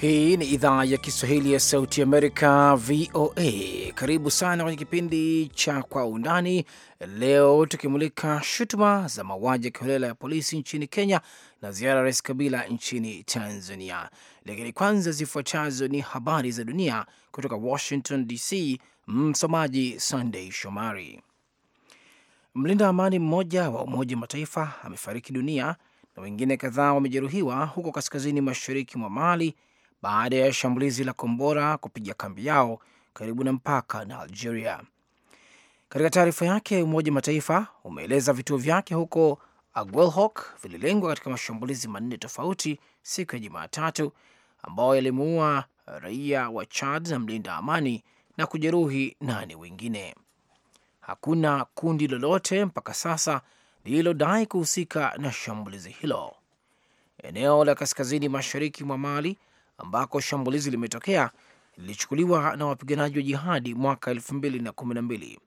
Hii ni idhaa ya Kiswahili ya Sauti Amerika, VOA. Karibu sana kwenye kipindi cha Kwa Undani. Leo tukimulika shutuma za mauaji ya kiholela ya polisi nchini Kenya na ziara ya Rais Kabila nchini Tanzania. Lakini kwanza, zifuatazo ni habari za dunia kutoka Washington DC. Msomaji sandey Shomari. Mlinda amani mmoja wa Umoja wa Mataifa amefariki dunia na wengine kadhaa wamejeruhiwa huko kaskazini mashariki mwa Mali baada ya shambulizi la kombora kupiga kambi yao karibu na mpaka na Algeria. Katika taarifa yake, Umoja Mataifa umeeleza vituo vyake huko Aguelhok vililengwa katika mashambulizi manne tofauti siku ya Jumatatu ambao yalimuua raia wa Chad na mlinda amani na kujeruhi nane wengine. Hakuna kundi lolote mpaka sasa lililodai kuhusika na shambulizi hilo. Eneo la kaskazini mashariki mwa Mali ambako shambulizi limetokea lilichukuliwa na wapiganaji wa jihadi mwaka 2012.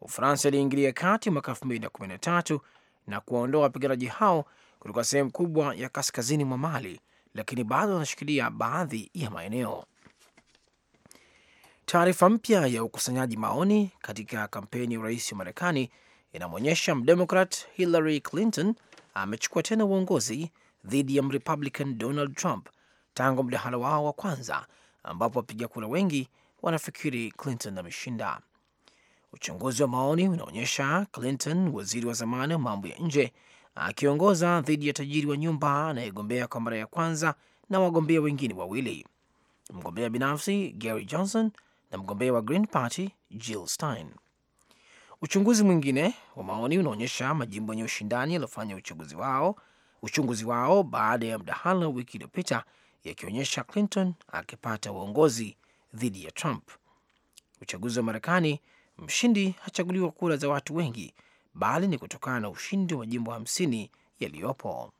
Ufaransa iliingilia kati mwaka 2013 na kuwaondoa wapiganaji hao kutoka sehemu kubwa ya kaskazini mwa Mali, lakini bado wanashikilia baadhi ya maeneo. Taarifa mpya ya ukusanyaji maoni katika kampeni ya urais wa Marekani inamwonyesha mdemokrat Hillary Clinton amechukua tena uongozi dhidi ya mrepublican Donald Trump tangu mdahalo wao wa kwanza ambapo wapiga kura wengi wanafikiri Clinton ameshinda. Uchunguzi wa maoni unaonyesha Clinton, waziri wa zamani wa mambo ya nje, akiongoza dhidi ya tajiri wa nyumba anayegombea kwa mara ya kwanza na wagombea wengine wawili, mgombea binafsi Gary Johnson na mgombea wa Green Party Jill Stein. Uchunguzi mwingine wa maoni unaonyesha majimbo yenye ushindani yaliyofanya uchunguzi wao uchunguzi wao baada ya mdahalo wiki iliyopita yakionyesha Clinton akipata uongozi dhidi ya Trump. Uchaguzi wa Marekani, mshindi hachaguliwa kura za watu wengi, bali ni kutokana na ushindi wa majimbo hamsini yaliyopo.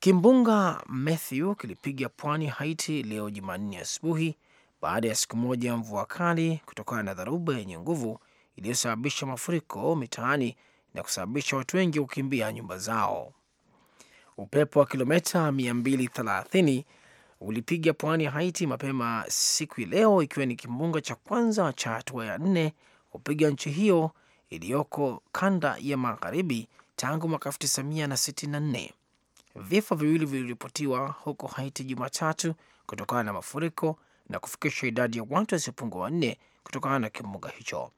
Kimbunga Matthew kilipiga pwani Haiti leo Jumanne asubuhi baada ya siku moja ya mvua kali kutokana na dharuba yenye nguvu iliyosababisha mafuriko mitaani na kusababisha watu wengi kukimbia nyumba zao. Upepo wa kilomita 230 ulipiga pwani ya Haiti mapema siku leo, ikiwa ni kimbunga cha kwanza cha hatua ya nne kupiga nchi hiyo iliyoko kanda ya magharibi tangu mwaka 1964. Vifo viwili viliripotiwa huko Haiti Jumatatu kutokana na mafuriko na kufikisha idadi ya watu wasiopungua wanne kutokana na kimbunga hicho.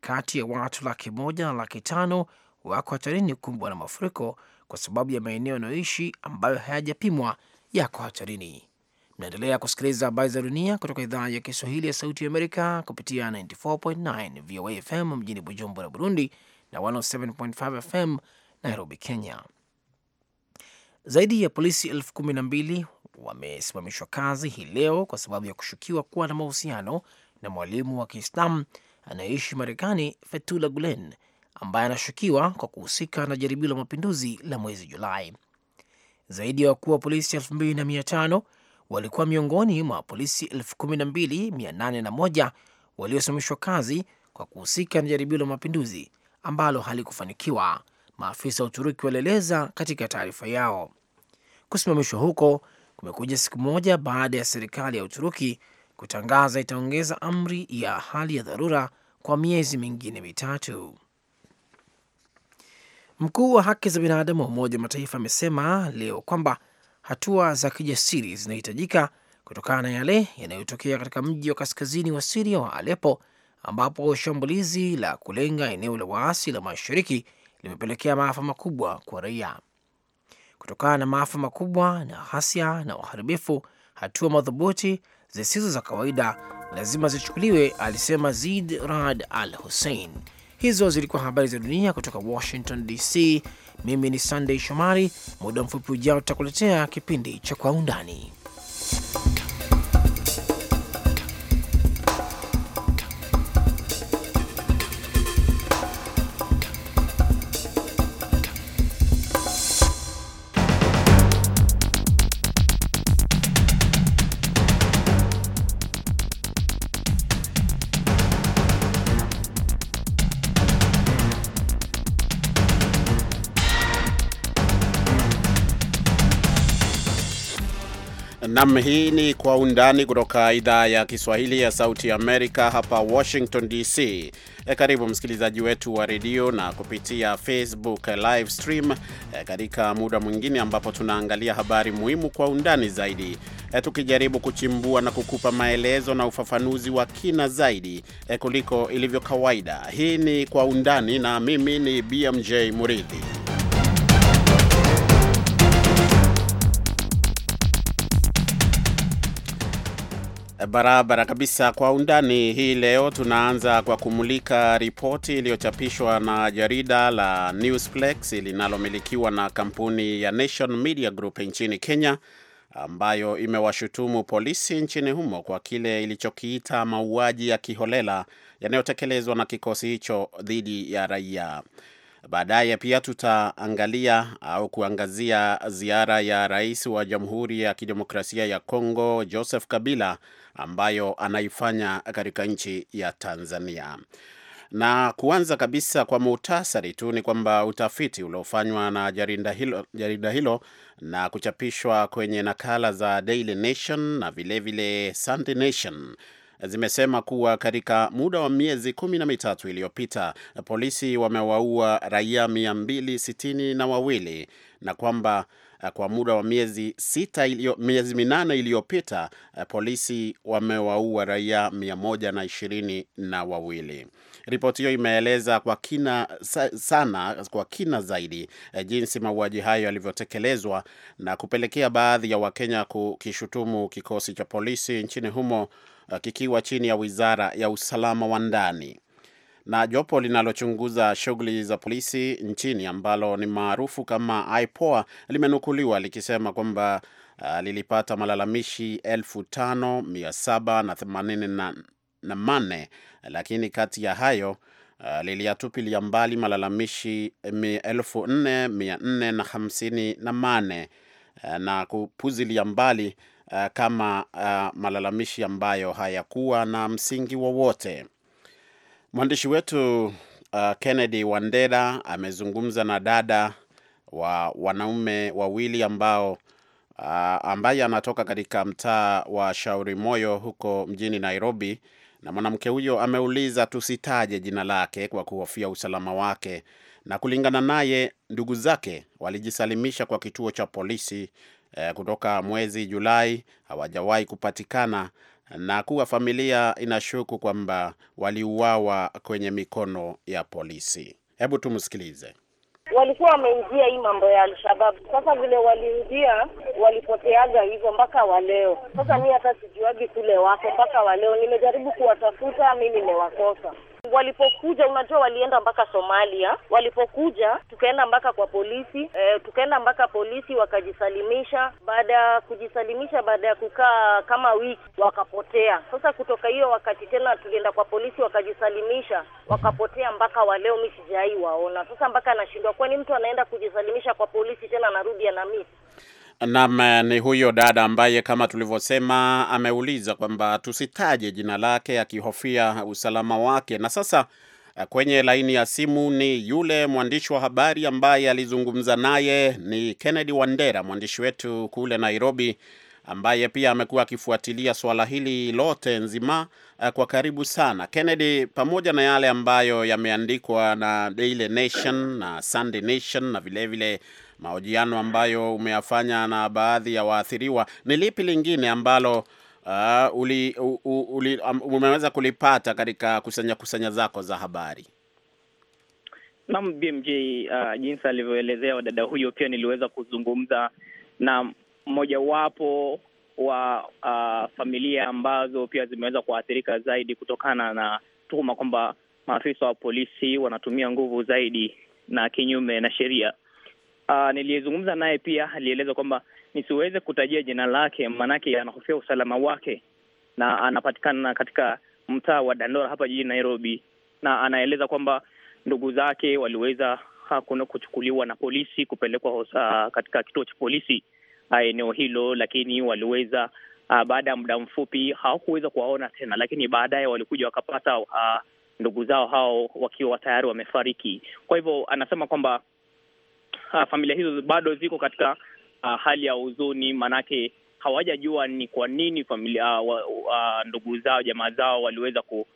Kati ya watu laki moja na laki tano wako hatarini kukumbwa na mafuriko kwa sababu ya maeneo yanayoishi ambayo hayajapimwa yako hatarini. Mnaendelea kusikiliza habari za dunia kutoka idhaa ya Kiswahili ya Sauti ya Amerika kupitia 94.9 VOA FM mjini Bujumbura, Burundi na 107.5 FM Nairobi, Kenya. Zaidi ya polisi elfu kumi na mbili wamesimamishwa kazi hii leo kwa sababu ya kushukiwa kuwa na mahusiano na mwalimu wa Kiislamu anayeishi Marekani, Fethullah Gulen ambaye anashukiwa kwa kuhusika na jaribio la mapinduzi la mwezi Julai. Zaidi ya wakuu wa polisi 25 walikuwa miongoni mwa polisi elfu waliosimamishwa kazi kwa kuhusika na jaribio la mapinduzi ambalo halikufanikiwa, maafisa wa Uturuki walieleza katika taarifa yao. Kusimamishwa huko kumekuja siku moja baada ya serikali ya Uturuki kutangaza itaongeza amri ya hali ya dharura kwa miezi mingine mitatu. Mkuu wa haki za binadamu wa Umoja wa Mataifa amesema leo kwamba hatua za kijasiri zinahitajika kutokana na yale yanayotokea katika mji wa kaskazini wa Siria wa Alepo, ambapo shambulizi la kulenga eneo la waasi la mashariki limepelekea maafa makubwa kwa raia. Kutokana na maafa makubwa na ghasia na uharibifu, hatua madhubuti zisizo za kawaida lazima zichukuliwe, alisema Zid Rad Al Hussein, Hizo zilikuwa habari za dunia kutoka Washington DC. Mimi ni Sunday Shomari. Muda mfupi ujao tutakuletea kipindi cha Kwa Undani. Nam, hii ni Kwa Undani kutoka idhaa ya Kiswahili ya Sauti ya Amerika hapa Washington DC. E, karibu msikilizaji wetu wa redio na kupitia Facebook live stream e, katika muda mwingine ambapo tunaangalia habari muhimu kwa undani zaidi e, tukijaribu kuchimbua na kukupa maelezo na ufafanuzi wa kina zaidi e, kuliko ilivyo kawaida. Hii ni Kwa Undani na mimi ni BMJ Muridhi. Barabara kabisa. Kwa undani hii leo, tunaanza kwa kumulika ripoti iliyochapishwa na jarida la Newsplex linalomilikiwa na kampuni ya Nation Media Group nchini Kenya, ambayo imewashutumu polisi nchini humo kwa kile ilichokiita mauaji ya kiholela yanayotekelezwa na kikosi hicho dhidi ya raia. Baadaye pia tutaangalia au kuangazia ziara ya rais wa Jamhuri ya Kidemokrasia ya Kongo Joseph Kabila ambayo anaifanya katika nchi ya Tanzania. Na kuanza kabisa kwa muhtasari tu ni kwamba utafiti uliofanywa na jarida hilo, jarida hilo na kuchapishwa kwenye nakala za Daily Nation na vilevile Sunday Nation zimesema kuwa katika muda wa miezi kumi na mitatu iliyopita polisi wamewaua raia mia mbili sitini na wawili na kwamba Eh, kwa muda wa miezi sita ilio, miezi minane iliyopita eh, polisi wamewaua raia mia moja na ishirini na wawili. Ripoti hiyo imeeleza kwa kina sana, kwa kina zaidi eh, jinsi mauaji hayo yalivyotekelezwa na kupelekea baadhi ya Wakenya kukishutumu kikosi cha polisi nchini humo kikiwa chini ya wizara ya usalama wa ndani na jopo linalochunguza shughuli za polisi nchini ambalo ni maarufu kama IPOA limenukuliwa likisema kwamba uh, lilipata malalamishi 5 7 na na lakini kati ya hayo Uh, liliyatupilia mbali malalamishi 4458 na na mane uh, na kupuzilia mbali uh, kama uh, malalamishi ambayo hayakuwa na msingi wowote. Mwandishi wetu uh, Kennedy Wandera amezungumza na dada wa wanaume wawili ambao uh, ambaye anatoka katika mtaa wa Shauri Moyo huko mjini Nairobi, na mwanamke huyo ameuliza tusitaje jina lake kwa kuhofia usalama wake, na kulingana naye, ndugu zake walijisalimisha kwa kituo cha polisi eh, kutoka mwezi Julai, hawajawahi kupatikana na kuwa familia inashuku kwamba waliuawa kwenye mikono ya polisi. Hebu tumsikilize. Walikuwa wameingia hii mambo ya Alshabab. Sasa vile waliingia, walipoteaga hivyo mpaka waleo Sasa mi hata sijuagi kule wako mpaka waleo nimejaribu kuwatafuta, mi nimewakosa walipokuja, unajua walienda mpaka Somalia. Walipokuja tukaenda mpaka kwa polisi e, tukaenda mpaka polisi wakajisalimisha. Baada ya kujisalimisha, baada ya kukaa kama wiki, wakapotea. Sasa kutoka hiyo wakati tena tulienda kwa polisi wakajisalimisha, wakapotea mpaka waleo, mi sijai waona. Sasa mpaka anashindwa, kwani mtu anaenda kujisalimisha kwa polisi tena anarudi anamisi Naam, eh, ni huyo dada ambaye kama tulivyosema ameuliza kwamba tusitaje jina lake akihofia usalama wake. Na sasa eh, kwenye laini ya simu ni yule mwandishi wa habari ambaye alizungumza naye, ni Kennedy Wandera, mwandishi wetu kule Nairobi, ambaye pia amekuwa akifuatilia swala hili lote nzima eh, kwa karibu sana. Kennedy, pamoja na yale ambayo yameandikwa na Daily Nation na Sunday Nation na vilevile vile mahojiano ambayo umeyafanya na baadhi ya waathiriwa, ni lipi lingine ambalo uh, uli, uli, um, umeweza kulipata katika kusanya kusanya zako za habari? Naam, BMJ, uh, jinsi alivyoelezea dada huyo, pia niliweza kuzungumza na mmojawapo wa uh, familia ambazo pia zimeweza kuathirika zaidi kutokana na tuhuma kwamba maafisa wa polisi wanatumia nguvu zaidi na kinyume na sheria. Uh, niliyezungumza naye pia alieleza kwamba nisiweze kutajia jina lake, maanake anahofia usalama wake, na anapatikana katika mtaa wa Dandora hapa jijini Nairobi, na anaeleza kwamba ndugu zake waliweza hakuna kuchukuliwa na polisi kupelekwa hosa katika kituo cha polisi ah, eneo hilo, lakini waliweza ah, baada ya muda mfupi hawakuweza kuwaona tena, lakini baadaye walikuja wakapata uh, ndugu zao hao wakiwa tayari wamefariki. Kwa hivyo anasema kwamba uh, familia hizo bado ziko katika uh, hali ya huzuni, maanake hawajajua ni kwa nini familia uh, uh, ndugu zao jamaa zao waliweza ku,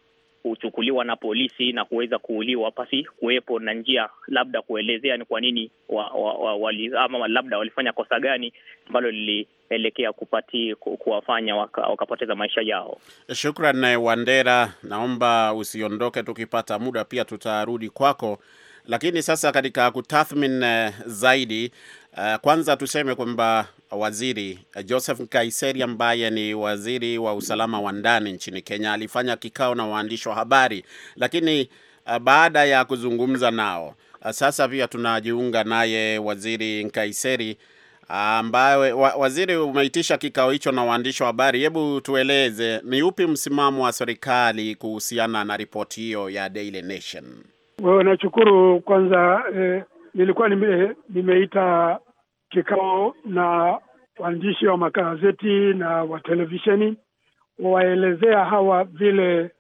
kuchukuliwa na polisi na kuweza kuuliwa pasi kuwepo na njia labda kuelezea ni kwa nini wa, wa, wa, wali, ama labda walifanya kosa gani ambalo lilielekea kupati kuwafanya waka, wakapoteza maisha yao. Shukran eh, Wandera, naomba usiondoke, tukipata muda pia tutarudi kwako. Lakini sasa katika kutathmin eh, zaidi, uh, kwanza tuseme kwamba waziri eh, Joseph Nkaiseri ambaye ni waziri wa usalama wa ndani nchini Kenya alifanya kikao na waandishi wa habari, lakini uh, baada ya kuzungumza nao uh, sasa pia tunajiunga naye waziri Nkaiseri ambaye wa, waziri umeitisha kikao hicho na waandishi wa habari. Hebu tueleze ni upi msimamo wa serikali kuhusiana na ripoti hiyo ya Daily Nation? Wewe nashukuru kwanza. Eh, nilikuwa nime, nimeita kikao na waandishi wa magazeti na wa televisheni waelezea hawa vile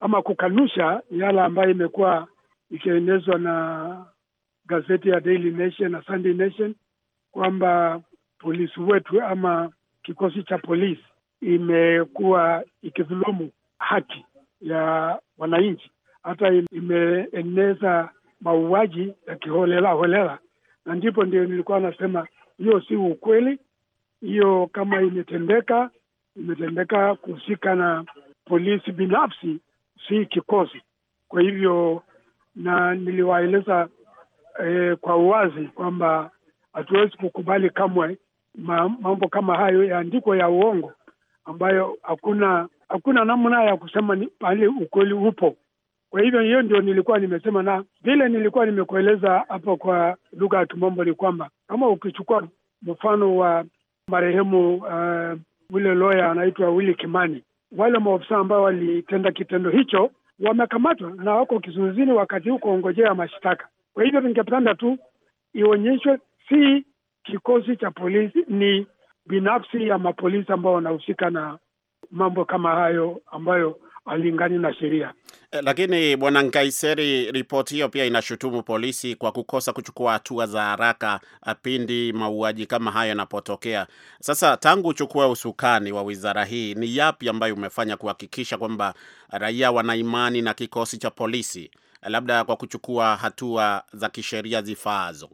ama kukanusha yale ambayo imekuwa ikienezwa na gazeti ya Daily Nation na Sunday Nation kwamba polisi wetu ama kikosi cha polisi imekuwa ikidhulumu haki ya wananchi hata imeeneza mauaji ya kiholela holela, na ndipo ndio nilikuwa nasema hiyo si ukweli. Hiyo kama imetendeka, imetendeka kuhusika na polisi binafsi, si kikosi. Kwa hivyo, na niliwaeleza eh, kwa uwazi kwamba hatuwezi kukubali kamwe mambo kama hayo yaandiko ya uongo ambayo hakuna hakuna namna ya kusema ni pale ukweli upo. Kwa hivyo hiyo ndio nilikuwa nimesema, na vile nilikuwa nimekueleza hapo kwa lugha ya Kimombo ni kwamba kama ukichukua mfano wa marehemu uh, yule loya anaitwa Willy Kimani, wale maofisa ambao walitenda kitendo hicho wamekamatwa na wako kizuizini wakati huu kuongojea mashtaka. Kwa hivyo ningependa tu ionyeshwe si kikosi cha polisi, ni binafsi ya mapolisi ambao wanahusika na mambo kama hayo ambayo alingani na sheria. Eh, lakini bwana Nkaiseri, ripoti hiyo pia inashutumu polisi kwa kukosa kuchukua hatua za haraka eh, pindi mauaji kama hayo yanapotokea. Sasa tangu uchukua usukani wa wizara hii, ni yapi ambayo umefanya kuhakikisha kwamba raia wana imani na kikosi cha polisi, eh, labda kwa kuchukua hatua za kisheria zifaazo?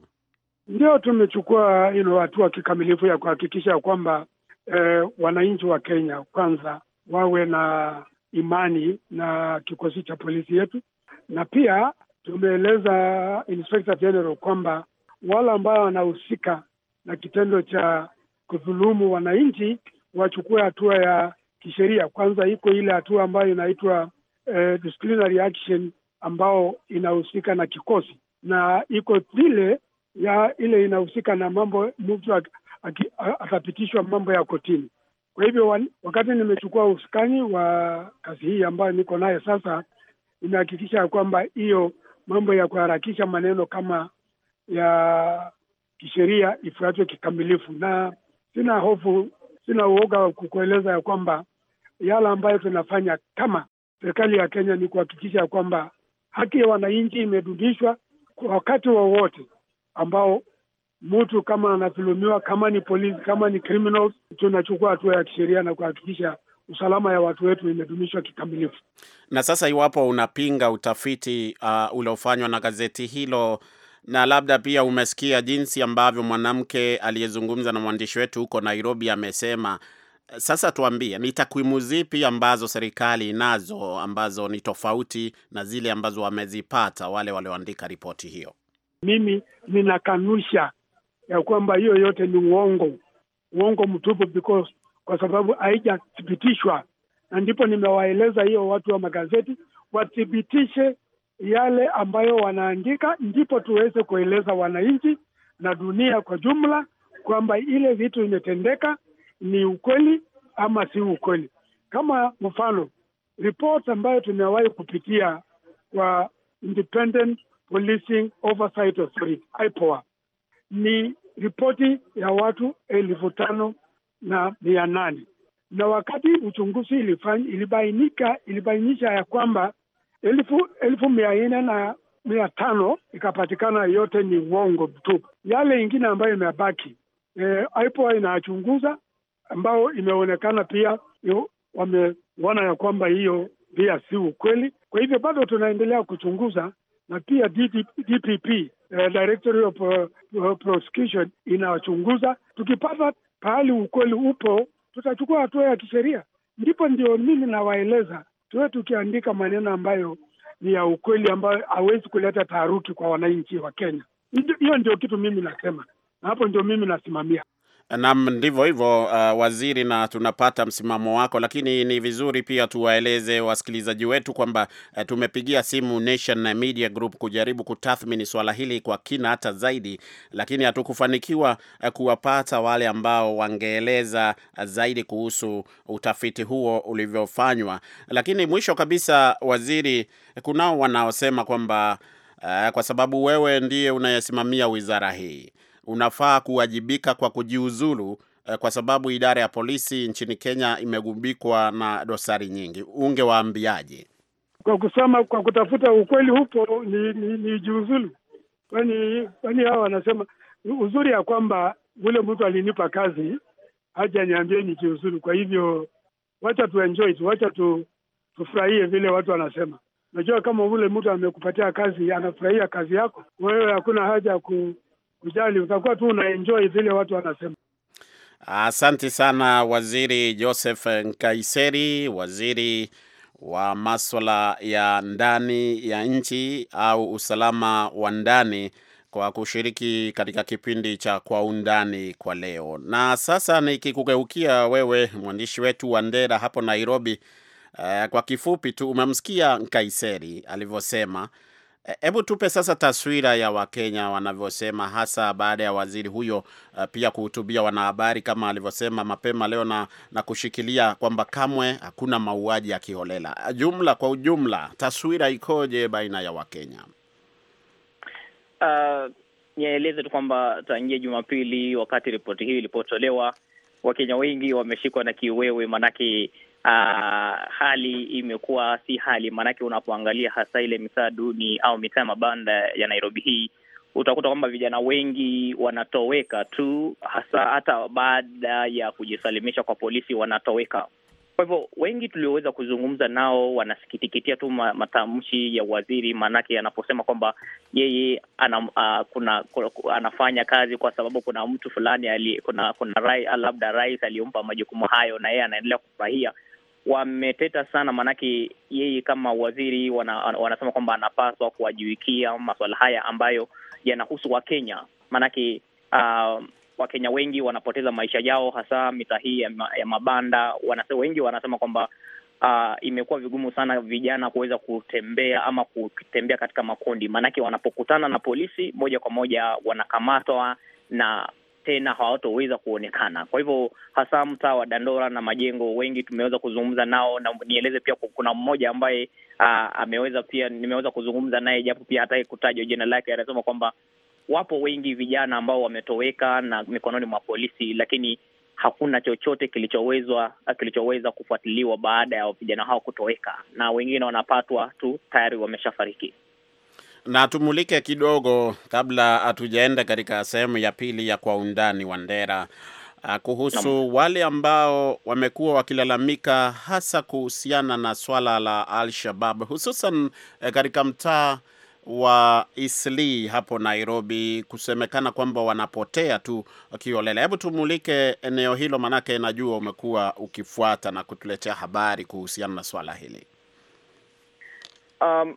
Ndio, tumechukua you know, hatua kikamilifu ya kuhakikisha kwamba eh, wananchi wa Kenya kwanza wawe na imani na kikosi cha polisi yetu, na pia tumeeleza Inspector General kwamba wale ambao wanahusika na kitendo cha kudhulumu wananchi wachukue hatua ya kisheria. Kwanza iko ile hatua ambayo inaitwa eh, disciplinary action ambao inahusika na kikosi, na iko vile ya ile inahusika na mambo mtu atapitishwa mambo ya kotini. Kwa hivyo wakati nimechukua usukani wa kazi hii ambayo niko nayo sasa, imehakikisha ya kwamba hiyo mambo ya kuharakisha maneno kama ya kisheria ifuatwe kikamilifu, na sina hofu, sina uoga wa kukueleza ya kwamba yale ambayo tunafanya kama serikali ya Kenya ni kuhakikisha ya kwamba haki ya wananchi imedudishwa kwa wakati wowote wa ambao mtu kama anadhulumiwa, kama ni polisi, kama ni criminals, tunachukua hatua ya kisheria na kuhakikisha usalama ya watu wetu imedumishwa kikamilifu. Na sasa, iwapo unapinga utafiti uh, uliofanywa na gazeti hilo na labda pia umesikia jinsi ambavyo mwanamke aliyezungumza na mwandishi wetu huko Nairobi amesema, sasa tuambie, ni takwimu zipi ambazo serikali inazo ambazo ni tofauti na zile ambazo wamezipata wale walioandika ripoti hiyo? Mimi ninakanusha ya kwamba hiyo yote ni uongo, uongo mtupu, because kwa sababu haijathibitishwa, na ndipo nimewaeleza hiyo watu wa magazeti wathibitishe yale ambayo wanaandika, ndipo tuweze kueleza wananchi na dunia kwa jumla kwamba ile vitu imetendeka ni ukweli ama si ukweli. Kama mfano ripot ambayo tumewahi kupitia kwa Independent Policing Oversight Authority IPOA, ni ripoti ya watu elfu tano na mia nane na wakati uchunguzi ilifanya, ilibainika ilibainisha ya kwamba elfu, elfu mia nne na mia tano ikapatikana yote ni uongo tu. Yale ingine ambayo imebaki e, eh, IPOA inachunguza ambao imeonekana pia wameona ya kwamba hiyo pia si ukweli. Kwa hivyo bado tunaendelea kuchunguza na pia DPP uh, eh, Directorate of uh, Prosecution inawachunguza. Tukipata pahali ukweli upo, tutachukua hatua ya kisheria. Ndipo ndio mimi nawaeleza tuwe tukiandika maneno ambayo ni ya ukweli, ambayo hawezi kuleta taharuki kwa wananchi wa Kenya. Hiyo ndio kitu mimi nasema, na hapo ndio mimi nasimamia nam ndivyo hivyo uh, waziri, na tunapata msimamo wako, lakini ni vizuri pia tuwaeleze wasikilizaji wetu kwamba uh, tumepigia simu Nation Media Group kujaribu kutathmini swala hili kwa kina hata zaidi, lakini hatukufanikiwa uh, kuwapata wale ambao wangeeleza uh, zaidi kuhusu utafiti huo ulivyofanywa. Lakini mwisho kabisa, waziri, kunao wanaosema kwamba uh, kwa sababu wewe ndiye unayesimamia wizara hii unafaa kuwajibika kwa kujiuzulu eh, kwa sababu idara ya polisi nchini Kenya imegubikwa na dosari nyingi. Ungewaambiaje? Kwa kusema, kwa kutafuta ukweli hupo ni, ni, ni jiuzulu, kwani kwani hawa wanasema uzuri ya kwamba yule mtu alinipa kazi haja niambie ni jiuzulu. Kwa hivyo wacha tuenjoy tu, wacha tu tufurahie vile watu wanasema. Unajua, kama ule mtu amekupatia kazi anafurahia kazi yako wewe, hakuna haja ku kujali, utakuwa tu unaenjoy vile watu wanasema. Asante sana Waziri Joseph Nkaiseri, waziri wa maswala ya ndani ya nchi au usalama wa ndani kwa kushiriki katika kipindi cha Kwa Undani kwa leo. Na sasa nikikugeukia wewe, mwandishi wetu wa Ndera hapo Nairobi. Uh, kwa kifupi tu umemsikia Nkaiseri alivyosema E, hebu tupe sasa taswira ya Wakenya wanavyosema, hasa baada ya waziri huyo e, pia kuhutubia wanahabari kama alivyosema mapema leo na, na kushikilia kwamba kamwe hakuna mauaji ya kiholela. E, jumla kwa ujumla, taswira ikoje baina ya Wakenya? Uh, nieleze tu kwamba tangia Jumapili wakati ripoti hii ilipotolewa Wakenya wengi wameshikwa na kiwewe, maanake Uh, hali imekuwa si hali, maanake unapoangalia hasa ile mitaa duni au mitaa mabanda ya Nairobi hii utakuta kwamba vijana wengi wanatoweka tu, hasa hata baada ya kujisalimisha kwa polisi wanatoweka. Kwa hivyo wengi tulioweza kuzungumza nao wanasikitikitia tu matamshi ya waziri, maanake anaposema kwamba yeye anam, uh, ah, kuna, kuna, anafanya kazi kwa sababu kuna mtu fulani ali, kuna, kuna rai, labda rais aliyompa majukumu hayo na yeye anaendelea kufurahia wameteta sana, maanake yeye kama waziri wana, wanasema kwamba anapaswa kuwajuikia masuala haya ambayo yanahusu Wakenya, maanake uh, ah, Wakenya wengi wanapoteza maisha yao hasa mitaa hii ya, ya mabanda. Wanasema wengi wanasema kwamba uh, imekuwa vigumu sana vijana kuweza kutembea ama kutembea katika makundi, maanake wanapokutana na polisi moja kwa moja wanakamatwa na tena hawatoweza kuonekana. Kwa hivyo hasa mtaa wa Dandora na majengo, wengi tumeweza kuzungumza nao, na nieleze pia kuna mmoja ambaye aa, ameweza pia nimeweza kuzungumza naye, japo pia hataki kutajwa jina lake, anasema kwamba wapo wengi vijana ambao wametoweka na mikononi mwa polisi, lakini hakuna chochote kilichowezwa kilichoweza kufuatiliwa baada ya vijana hao kutoweka, na wengine wanapatwa tu tayari wameshafariki na tumulike kidogo kabla hatujaenda katika sehemu ya pili ya kwa undani Wandera, ah, kuhusu wale ambao wamekuwa wakilalamika hasa kuhusiana na swala la Al-Shabab hususan eh, katika mtaa wa Isli hapo Nairobi, kusemekana kwamba wanapotea tu kiolela. Hebu tumulike eneo hilo, maanake najua umekuwa ukifuata na kutuletea habari kuhusiana na swala hili. Um,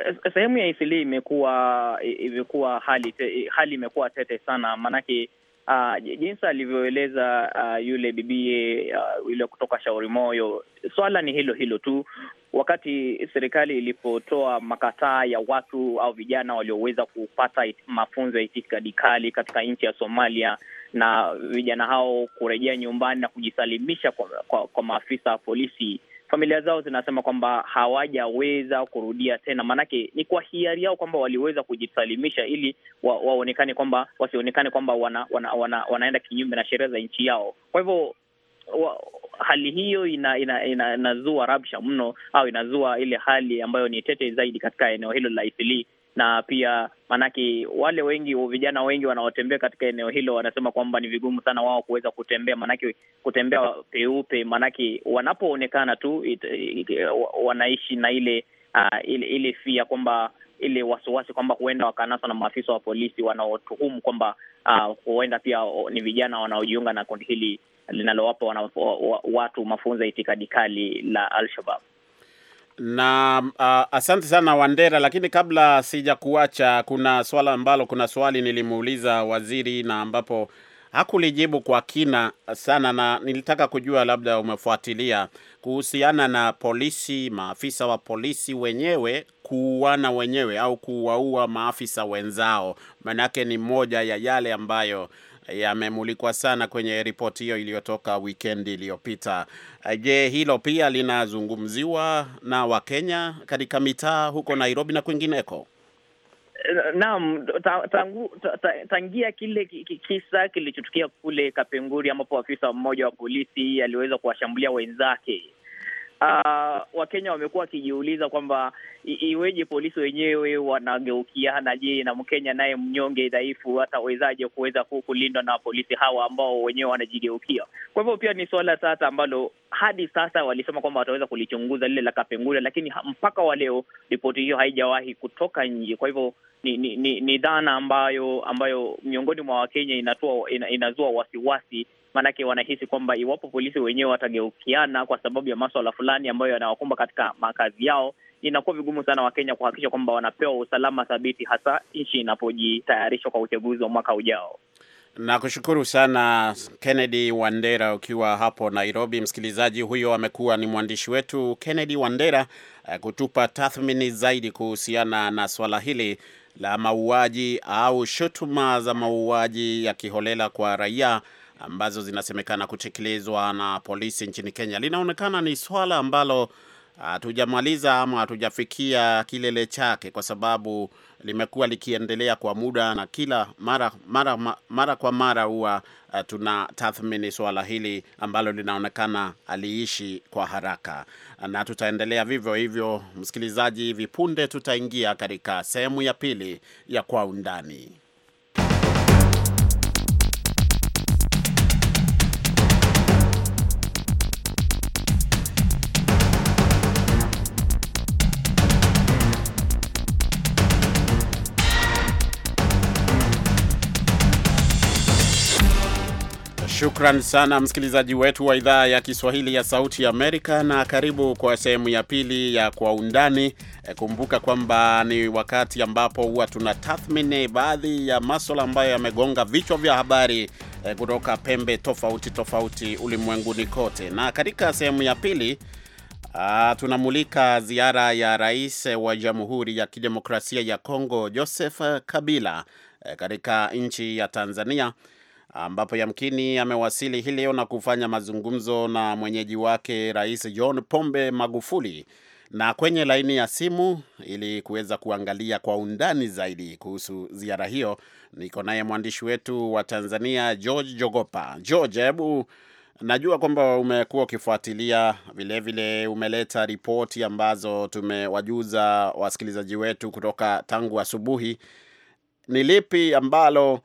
Eh, sehemu ya Isili imekuwa imekuwa hali hali imekuwa tete sana, maanake uh, jinsi alivyoeleza uh, yule bibie uh, ah, yule kutoka Shauri Moyo, swala ni hilo hilo tu. Wakati serikali ilipotoa makataa ya watu au vijana walioweza kupata mafunzo ya itikadi kali katika nchi ya Somalia na vijana hao kurejea nyumbani na kujisalimisha kwa, kwa, kwa maafisa wa polisi familia zao zinasema kwamba hawajaweza kurudia tena, maanake ni kwa hiari yao kwamba waliweza kujisalimisha ili wa, waonekane kwamba wasionekane kwamba wana, wana, wana, wanaenda kinyume na sheria za nchi yao. Kwa hivyo wa, hali hiyo inazua ina, ina, ina rabsha mno au inazua ile hali ambayo ni tete zaidi katika eneo hilo la Ifilii na pia maanake wale wengi vijana wengi wanaotembea katika eneo hilo wanasema kwamba ni vigumu sana wao kuweza kutembea, maanake kutembea peupe, maanake wanapoonekana tu it, it, it, wanaishi na ile uh, ile, ile fia kwamba ile wasiwasi kwamba huenda wakanaswa na maafisa wa polisi wanaotuhumu kwamba ah, huenda uh, pia ni vijana wanaojiunga na kundi hili linalowapa watu mafunzo ya itikadi kali la alshabab na uh, asante sana Wandera, lakini kabla sijakuacha, kuna swala ambalo kuna swali nilimuuliza waziri na ambapo hakulijibu kwa kina sana, na nilitaka kujua labda umefuatilia kuhusiana na polisi, maafisa wa polisi wenyewe kuuana wenyewe au kuwaua maafisa wenzao, maanake ni moja ya yale ambayo yamemulikwa sana kwenye ripoti hiyo iliyotoka wikendi iliyopita. Je, hilo pia linazungumziwa na Wakenya katika mitaa huko Nairobi na kwingineko? Naam, ta, ta, ta, tangia kile kisa kilichotukia kule Kapenguri ambapo afisa mmoja wa polisi aliweza kuwashambulia wenzake, uh, Wakenya wamekuwa wakijiuliza kwamba iweje polisi wenyewe wanageukiana? Je, na Mkenya naye mnyonge dhaifu atawezaje kuweza kulindwa na polisi hawa ambao wenyewe wanajigeukia? Kwa hivyo pia ni suala sasa ambalo hadi sasa walisema kwamba wataweza kulichunguza lile la Kapengula, lakini mpaka wa leo ripoti hiyo haijawahi kutoka nje. Kwa hivyo ni, ni, ni, ni dhana ambayo ambayo miongoni mwa Wakenya inatua, ina, inazua wasiwasi maanake wanahisi kwamba iwapo polisi wenyewe watageukiana kwa sababu ya maswala fulani ambayo yanawakumba katika makazi yao, inakuwa vigumu sana Wakenya kuhakikisha kwamba wanapewa usalama thabiti, hasa nchi inapojitayarishwa kwa uchaguzi wa mwaka ujao. Nakushukuru sana Kennedy Wandera ukiwa hapo Nairobi. Msikilizaji huyo amekuwa ni mwandishi wetu Kennedy Wandera eh, kutupa tathmini zaidi kuhusiana na swala hili la mauaji au shutuma za mauaji ya kiholela kwa raia ambazo zinasemekana kutekelezwa na polisi nchini Kenya. Linaonekana ni swala ambalo hatujamaliza ama hatujafikia kilele chake, kwa sababu limekuwa likiendelea kwa muda na kila mara mara mara, mara kwa mara huwa uh, eh, tuna tathmini suala hili ambalo linaonekana aliishi kwa haraka, na tutaendelea vivyo hivyo. Msikilizaji, vipunde tutaingia katika sehemu ya pili ya kwa undani. Shukran sana msikilizaji wetu wa idhaa ya Kiswahili ya Sauti ya Amerika, na karibu kwa sehemu ya pili ya Kwa Undani. E, kumbuka kwamba ni wakati ambapo huwa tuna tathmini baadhi ya maswala ambayo yamegonga vichwa vya habari e, kutoka pembe tofauti tofauti ulimwenguni kote, na katika sehemu ya pili Uh, tunamulika ziara ya rais wa Jamhuri ya Kidemokrasia ya Kongo Joseph Kabila e, katika nchi ya Tanzania ambapo yamkini amewasili hii leo na kufanya mazungumzo na mwenyeji wake Rais John Pombe Magufuli na kwenye laini ya simu ili kuweza kuangalia kwa undani zaidi kuhusu ziara hiyo, niko naye mwandishi wetu wa Tanzania George Jogopa. George, hebu najua kwamba umekuwa ukifuatilia vilevile, umeleta ripoti ambazo tumewajuza wasikilizaji wetu kutoka tangu asubuhi. Ni lipi ambalo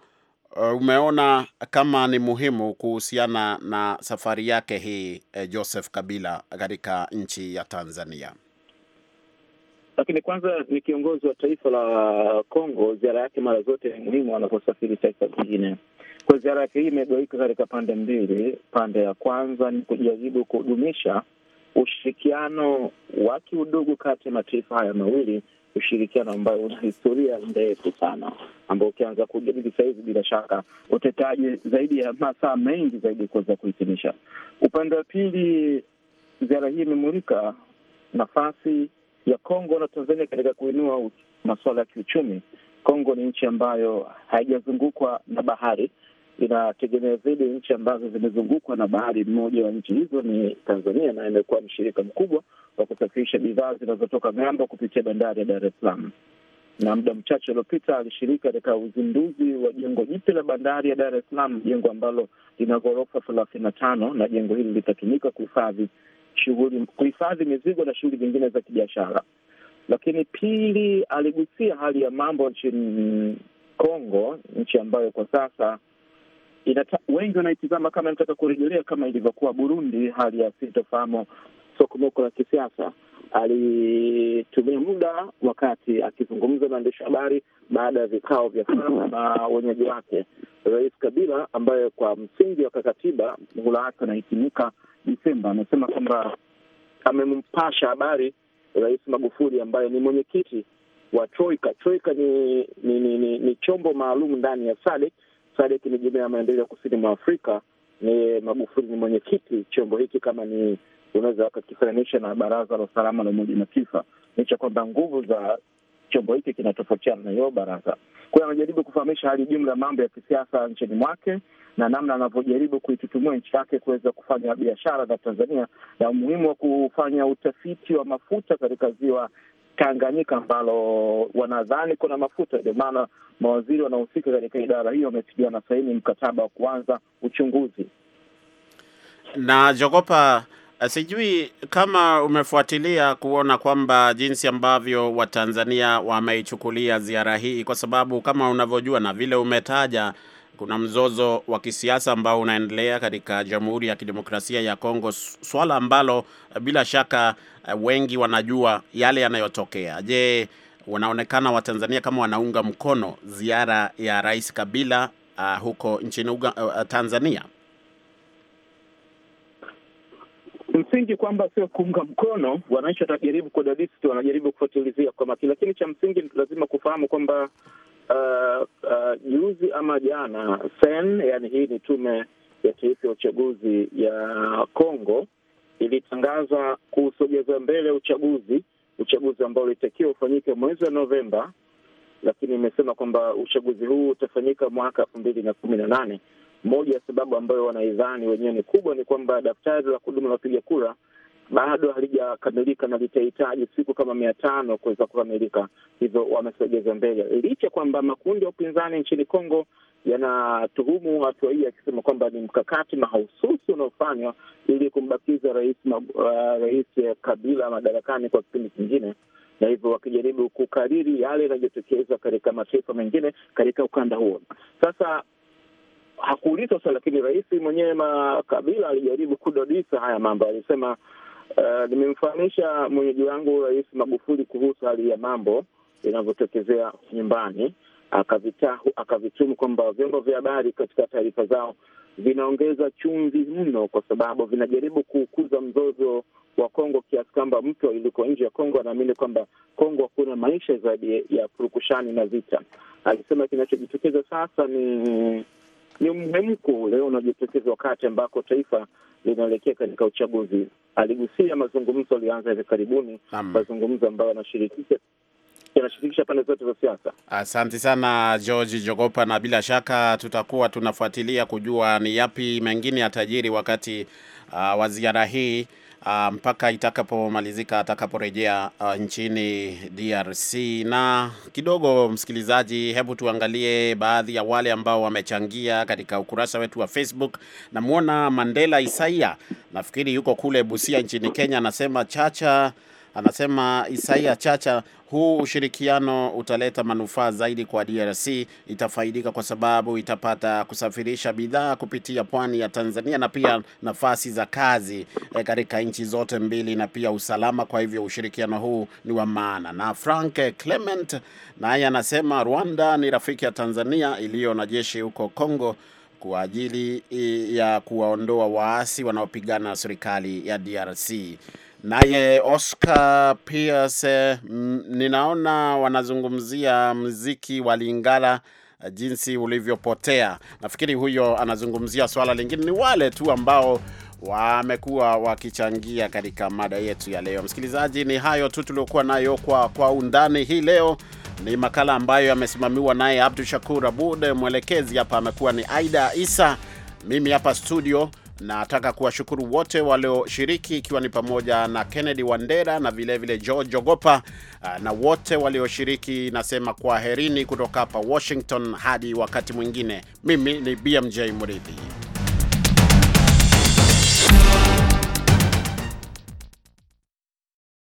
Eh, umeona kama ni muhimu kuhusiana na safari yake hii eh, Joseph Kabila katika nchi ya Tanzania? Lakini kwanza ni kiongozi wa taifa la Kongo, ziara yake mara zote ni muhimu anaposafiri taifa zingine. Kwa ziara yake hii imegawika katika pande mbili. Pande ya kwanza ni kujaribu kudumisha ushirikiano wa kiudugu kati ya mataifa haya mawili ushirikiano ambayo una historia ndefu sana, ambao ukianza kujadili sahizi, bila shaka utahitaji zaidi ya masaa mengi zaidi kuweza kuhitimisha. Upande wa pili, ziara hii imemulika nafasi ya Kongo na Tanzania katika kuinua masuala ya kiuchumi. Kongo ni nchi ambayo haijazungukwa na bahari inategemea zaidi nchi ambazo zimezungukwa na bahari. Mmoja wa nchi hizo ni Tanzania, na imekuwa mshirika mkubwa wa kusafirisha bidhaa zinazotoka ng'ambo kupitia bandari ya Dar es Salaam, na muda mchache uliopita alishiriki katika uzinduzi wa jengo jipya la bandari ya Dar es Salaam, jengo ambalo lina ghorofa thelathini na tano na jengo hili litatumika kuhifadhi shughuli, kuhifadhi mizigo na shughuli zingine za kibiashara. Lakini pili, aligusia hali ya mambo nchini Kongo, nchi ambayo kwa sasa inata, wengi wanaitizama kama inataka kurejelea kama ilivyokuwa Burundi, hali ya sintofahamu, sokomoko la kisiasa. Alitumia muda wakati akizungumza na waandishi habari baada ya vikao vya sana mhm. na wenyeji wake, Rais Kabila ambaye kwa msingi wa kakatiba muhula wake anahitimika Desemba, amesema kwamba amempasha habari Rais Magufuli ambaye ni mwenyekiti wa troika. Troika ni, ni, ni, ni, ni chombo maalum ndani ya SADC SADC ni jumuiya ya maendeleo ya kusini mwa Afrika. Ni Magufuli ni mwenyekiti chombo hiki, kama ni unaweza wakakifananisha na baraza la usalama la Umoja Mataifa, licha kwamba nguvu za chombo hiki kinatofautiana na hiyo baraza. Kwa hiyo anajaribu kufahamisha hali jumla ya mambo ya kisiasa nchini mwake na namna anavyojaribu kuitutumia nchi yake kuweza kufanya biashara na Tanzania na umuhimu wa kufanya utafiti wa mafuta katika ziwa Tanganyika ambalo wanadhani kuna mafuta. Ndio maana mawaziri wanaohusika katika idara hiyo wametilia na saini mkataba wa kuanza uchunguzi. Na jogopa sijui kama umefuatilia kuona kwamba jinsi ambavyo Watanzania wameichukulia ziara hii, kwa sababu kama unavyojua na vile umetaja kuna mzozo wa kisiasa ambao unaendelea katika Jamhuri ya Kidemokrasia ya Kongo, swala ambalo eh, bila shaka eh, wengi wanajua yale yanayotokea. Je, wanaonekana Watanzania kama wanaunga mkono ziara ya Rais Kabila uh, huko nchini uh, Tanzania? Msingi kwamba sio kuunga mkono, wananchi watajaribu kudadisi tu, wanajaribu kufuatilizia kwa makini, lakini cha msingi lazima kufahamu kwamba juzi uh, uh, ama jana sen, yani hii ni tume ya taifa ya uchaguzi ya congo ilitangaza kusogeza mbele uchaguzi, uchaguzi ambao ulitakiwa ufanyike mwezi wa Novemba, lakini imesema kwamba uchaguzi huu utafanyika mwaka elfu mbili na kumi na nane. Moja ya sababu ambayo wanaidhani wenyewe ni kubwa ni kwamba daftari la kudumu la wapiga kura bado halijakamilika na litahitaji siku kama mia tano kuweza kukamilika, hivyo wamesogeza mbele, licha kwamba makundi ya upinzani nchini Kongo yanatuhumu hatua hii akisema kwamba ni mkakati mahususi unaofanywa ili kumbakiza rais uh, rais Kabila madarakani kwa kipindi kingine, na hivyo wakijaribu kukariri yale yanayotokeza katika mataifa mengine katika ukanda huo. Sasa hakuulizwa, lakini rais mwenyewe Kabila alijaribu kudodisa haya mambo, alisema Eh, nimemfahamisha uh, mwenyeji wangu Rais Magufuli kuhusu hali ya mambo inavyotokezea nyumbani, akavitahu akavitumu kwamba vyombo vya habari katika taarifa zao vinaongeza chumvi mno, kwa sababu vinajaribu kukuza mzozo wa Kongo kiasi kwamba mtu iliko nje ya Kongo anaamini kwamba Kongo hakuna maisha zaidi ya purukushani na vita. Alisema kinachojitokeza sasa ni ni mhemko ule unajitokeza wakati ambako taifa linaelekea katika uchaguzi. Aligusia mazungumzo aliyoanza hivi karibuni, mazungumzo ambayo yanashirikisha yanashirikisha pande zote za siasa. Asante sana George Jogopa, na bila shaka tutakuwa tunafuatilia kujua ni yapi mengine ya tajiri wakati uh, wa ziara hii uh, mpaka itakapomalizika atakaporejea uh, nchini DRC. Na kidogo, msikilizaji, hebu tuangalie baadhi ya wale ambao wamechangia katika ukurasa wetu wa Facebook. Namwona Mandela Isaia, nafikiri yuko kule Busia nchini Kenya, anasema chacha Anasema Isaia Chacha, huu ushirikiano utaleta manufaa zaidi kwa DRC. Itafaidika kwa sababu itapata kusafirisha bidhaa kupitia pwani ya Tanzania na pia nafasi za kazi e, katika nchi zote mbili na pia usalama. Kwa hivyo ushirikiano huu ni wa maana. Na Frank Clement naye anasema Rwanda ni rafiki ya Tanzania iliyo na jeshi huko Kongo kwa ajili eh, ya kuwaondoa waasi wanaopigana na serikali ya DRC. Naye Oscar Pierce, mm, ninaona wanazungumzia mziki wa Lingala eh, jinsi ulivyopotea. Nafikiri huyo anazungumzia swala lingine, ni wale tu ambao wamekuwa wakichangia katika mada yetu ya leo. Msikilizaji, ni hayo tu tuliokuwa nayo kwa, kwa undani hii leo. Ni makala ambayo yamesimamiwa naye Abdu Shakur Abud, mwelekezi hapa amekuwa ni Aida Isa, mimi hapa studio Nataka kuwashukuru wote walioshiriki ikiwa ni pamoja na Kennedy Wandera na vilevile George Jogopa eh, na wote walioshiriki. Nasema kwaherini kutoka hapa Washington hadi wakati mwingine. Mimi ni BMJ mridhi